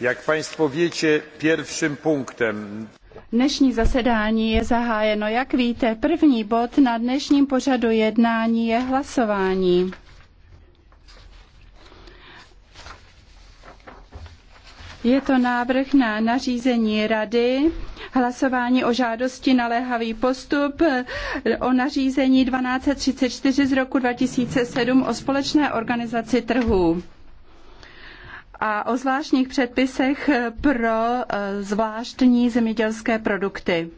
Jak Państwo wiecie, pierwszym punktem. Dnešní zasedání je zahájeno. Jak víte, první bod na dnešním pořadu jednání je hlasování. Je to návrh na nařízení Rady, hlasování o žádosti na léhavý postup o nařízení 1234 z roku 2007 o společné organizaci trhů a o zvláštních předpisech pro e, zvláštní zemědělské produkty.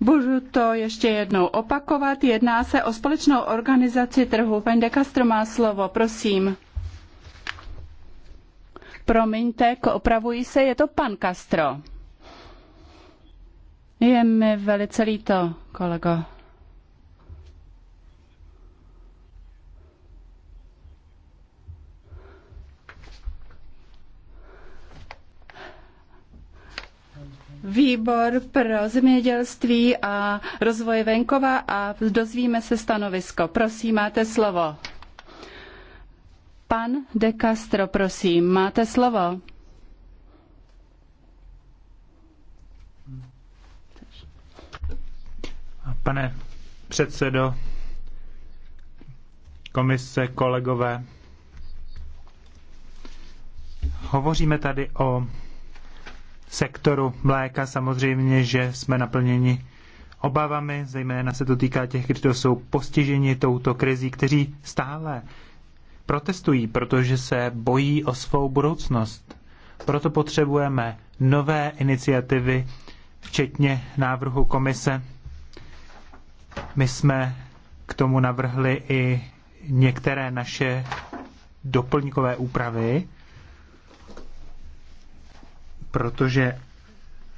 Budu to ještě jednou opakovat. Jedná se o společnou organizaci trhu. Pan De Castro má slovo, prosím. Promiňte, opravuji se, je to pan Castro. Je mi velice líto, kolego. výbor pro zemědělství a rozvoj venkova a dozvíme se stanovisko. Prosím, máte slovo. Pan De Castro, prosím, máte slovo. Pane předsedo, komise, kolegové, hovoříme tady o sektoru mléka samozřejmě, že jsme naplněni obavami, zejména se to týká těch, kteří to jsou postiženi touto krizí, kteří stále protestují, protože se bojí o svou budoucnost. Proto potřebujeme nové iniciativy, včetně návrhu komise. My jsme k tomu navrhli i některé naše doplňkové úpravy, protože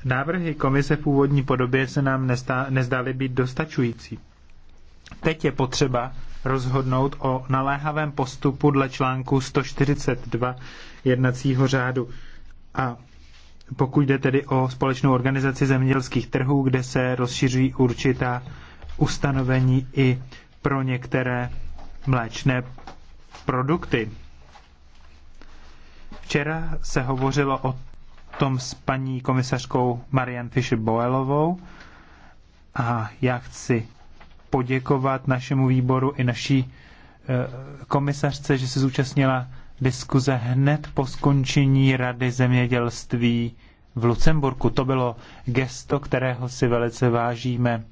návrhy komise v původní podobě se nám nestá, nezdály být dostačující. Teď je potřeba rozhodnout o naléhavém postupu dle článku 142 jednacího řádu. A pokud jde tedy o společnou organizaci zemědělských trhů, kde se rozšiřují určitá ustanovení i pro některé mléčné produkty. Včera se hovořilo o tom s paní komisařkou Marian Fischer Boelovou a já chci poděkovat našemu výboru i naší eh, komisařce, že se zúčastnila diskuze hned po skončení Rady zemědělství v Lucemburku. To bylo gesto, kterého si velice vážíme.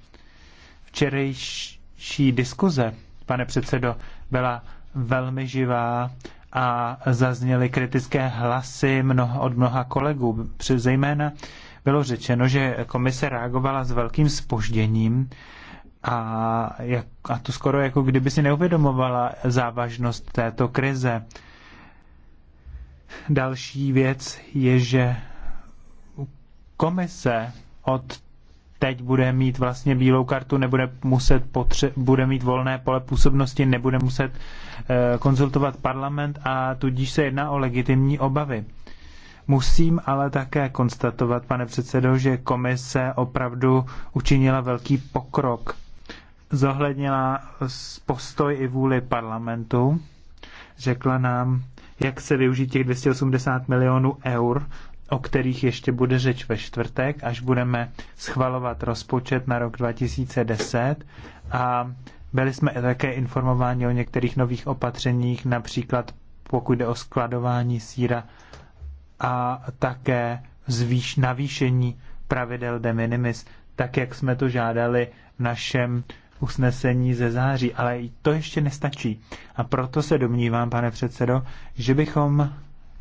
Včerejší diskuze, pane předsedo, byla velmi živá a zazněly kritické hlasy mnoho, od mnoha kolegů. zejména bylo řečeno, že komise reagovala s velkým spožděním a, jak, a to skoro jako kdyby si neuvědomovala závažnost této krize. Další věc je, že komise od teď bude mít vlastně bílou kartu, nebude muset potře- bude mít volné pole působnosti, nebude muset e, konzultovat parlament a tudíž se jedná o legitimní obavy. Musím ale také konstatovat, pane předsedo, že komise opravdu učinila velký pokrok. Zohlednila postoj i vůli parlamentu, řekla nám, jak se využít těch 280 milionů eur o kterých ještě bude řeč ve čtvrtek, až budeme schvalovat rozpočet na rok 2010 a byli jsme také informováni o některých nových opatřeních, například pokud jde o skladování síra a také zvýš, navýšení pravidel de minimis, tak jak jsme to žádali v našem usnesení ze září. Ale to ještě nestačí. A proto se domnívám, pane předsedo, že bychom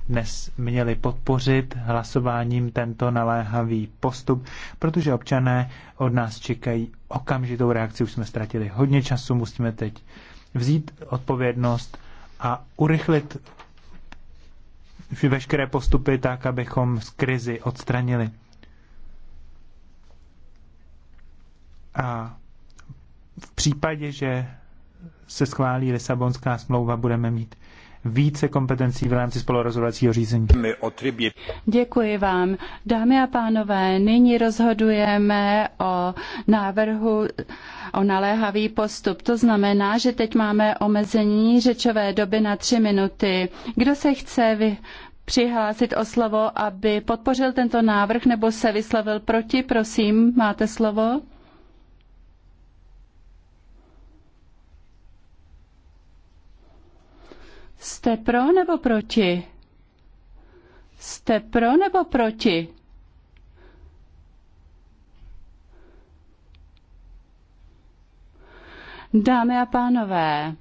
dnes měli podpořit hlasováním tento naléhavý postup, protože občané od nás čekají okamžitou reakci. Už jsme ztratili hodně času, musíme teď vzít odpovědnost a urychlit veškeré postupy tak, abychom z krizi odstranili. A v případě, že se schválí Lisabonská smlouva, budeme mít více kompetencí v rámci spolurozhodovacího řízení. Děkuji vám. Dámy a pánové, nyní rozhodujeme o návrhu o naléhavý postup. To znamená, že teď máme omezení řečové doby na tři minuty. Kdo se chce vy přihlásit o slovo, aby podpořil tento návrh nebo se vyslovil proti, prosím, máte slovo. Jste pro nebo proti? Jste pro nebo proti? Dámy a pánové,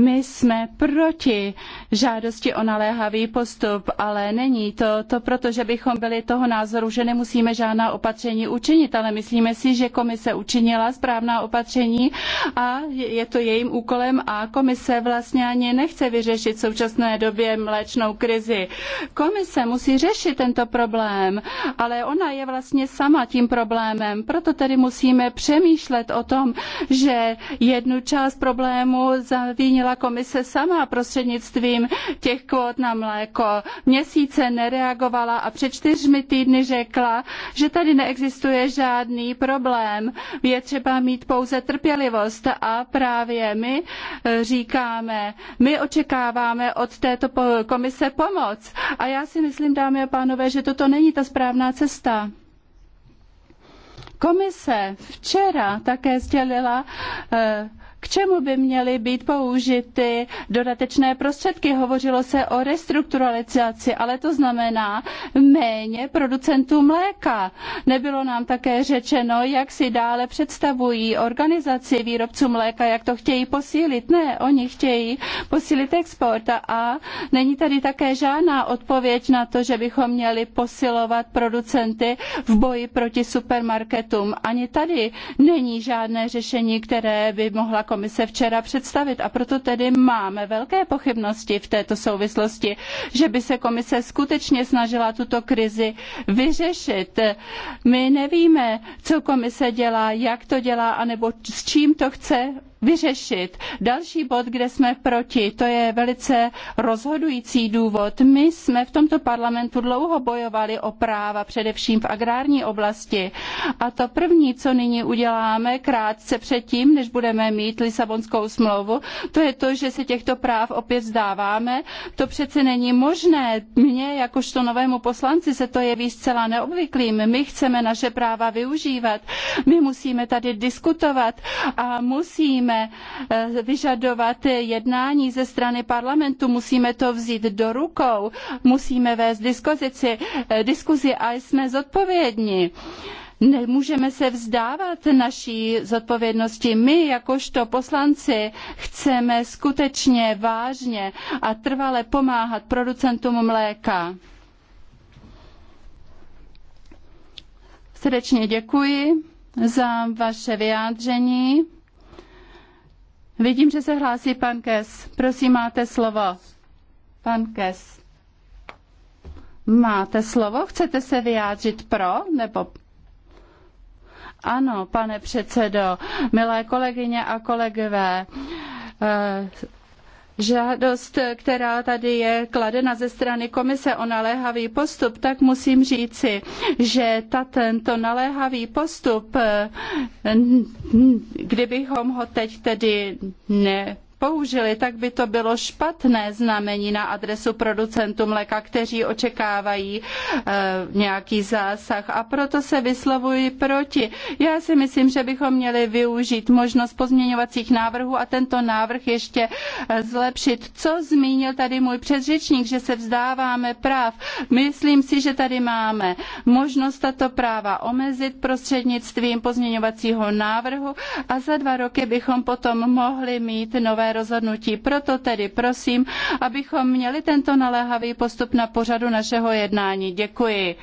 my jsme proti žádosti o naléhavý postup, ale není to, to proto, že bychom byli toho názoru, že nemusíme žádná opatření učinit, ale myslíme si, že komise učinila správná opatření a je to jejím úkolem a komise vlastně ani nechce vyřešit v současné době mléčnou krizi. Komise musí řešit tento problém, ale ona je vlastně sama tím problémem, proto tedy musíme přemýšlet o tom, že jednu část problému zavínila činila komise sama prostřednictvím těch kvót na mléko. Měsíce nereagovala a před čtyřmi týdny řekla, že tady neexistuje žádný problém. Je třeba mít pouze trpělivost a právě my eh, říkáme, my očekáváme od této komise pomoc. A já si myslím, dámy a pánové, že toto není ta správná cesta. Komise včera také sdělila, eh, k čemu by měly být použity dodatečné prostředky? Hovořilo se o restrukturalizaci, ale to znamená méně producentů mléka. Nebylo nám také řečeno, jak si dále představují organizaci výrobců mléka, jak to chtějí posílit. Ne, oni chtějí posílit export a není tady také žádná odpověď na to, že bychom měli posilovat producenty v boji proti supermarketům. Ani tady není žádné řešení, které by mohla komise včera představit. A proto tedy máme velké pochybnosti v této souvislosti, že by se komise skutečně snažila tuto krizi vyřešit. My nevíme, co komise dělá, jak to dělá, anebo s čím to chce vyřešit. Další bod, kde jsme proti, to je velice rozhodující důvod. My jsme v tomto parlamentu dlouho bojovali o práva, především v agrární oblasti. A to první, co nyní uděláme krátce předtím, než budeme mít Lisabonskou smlouvu, to je to, že se těchto práv opět vzdáváme. To přece není možné. Mně, jakožto novému poslanci, se to jeví zcela neobvyklým. My chceme naše práva využívat. My musíme tady diskutovat a musíme musíme eh, vyžadovat jednání ze strany parlamentu, musíme to vzít do rukou, musíme vést diskuzici, eh, diskuzi a jsme zodpovědní. Nemůžeme se vzdávat naší zodpovědnosti. My, jakožto poslanci, chceme skutečně vážně a trvale pomáhat producentům mléka. Srdečně děkuji za vaše vyjádření. Vidím, že se hlásí pan Kes. Prosím, máte slovo. Pan Kes. Máte slovo? Chcete se vyjádřit pro nebo ano, pane předsedo, milé kolegyně a kolegové, eh, žádost, která tady je kladena ze strany komise o naléhavý postup, tak musím říci, že ta, tento naléhavý postup, kdybychom ho teď tedy ne použili, tak by to bylo špatné znamení na adresu producentů mléka, kteří očekávají e, nějaký zásah. A proto se vyslovuji proti. Já si myslím, že bychom měli využít možnost pozměňovacích návrhů a tento návrh ještě eh, zlepšit. Co zmínil tady můj předřečník, že se vzdáváme práv? Myslím si, že tady máme možnost tato práva omezit prostřednictvím pozměňovacího návrhu a za dva roky bychom potom mohli mít nové rozhodnutí. Proto tedy prosím, abychom měli tento naléhavý postup na pořadu našeho jednání. Děkuji.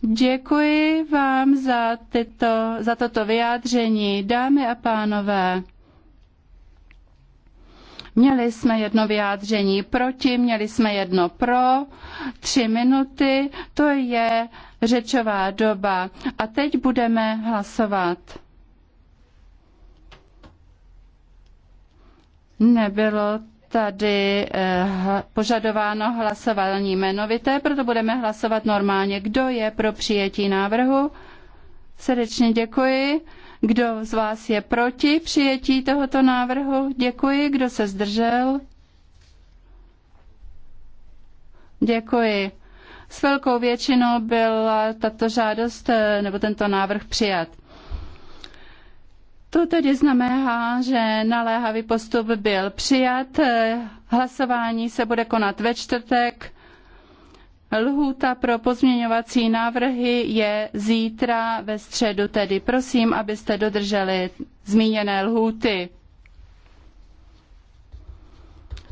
Děkuji vám za, tyto, za toto vyjádření, dámy a pánové. Měli jsme jedno vyjádření proti, měli jsme jedno pro, tři minuty, to je řečová doba. A teď budeme hlasovat. Nebylo tady eh, požadováno hlasování jmenovité, proto budeme hlasovat normálně. Kdo je pro přijetí návrhu? Srdečně děkuji. Kdo z vás je proti přijetí tohoto návrhu? Děkuji. Kdo se zdržel? Děkuji. S velkou většinou byla tato žádost eh, nebo tento návrh přijat. To tedy znamená, že naléhavý postup byl přijat. Hlasování se bude konat ve čtvrtek. Lhůta pro pozměňovací návrhy je zítra ve středu, tedy prosím, abyste dodrželi zmíněné lhůty.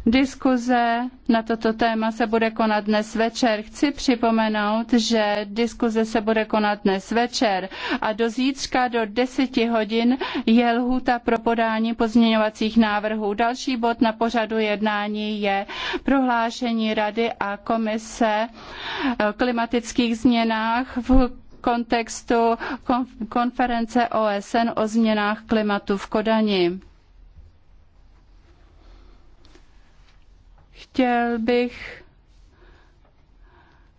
Diskuze na toto téma se bude konat dnes večer. Chci připomenout, že diskuze se bude konat dnes večer a do zítřka do 10 hodin je lhůta pro podání pozměňovacích návrhů. Další bod na pořadu jednání je prohlášení Rady a komise o klimatických změnách v kontextu konference OSN o změnách klimatu v Kodani. Chtěl bych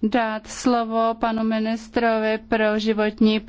dát slovo panu ministrovi pro životní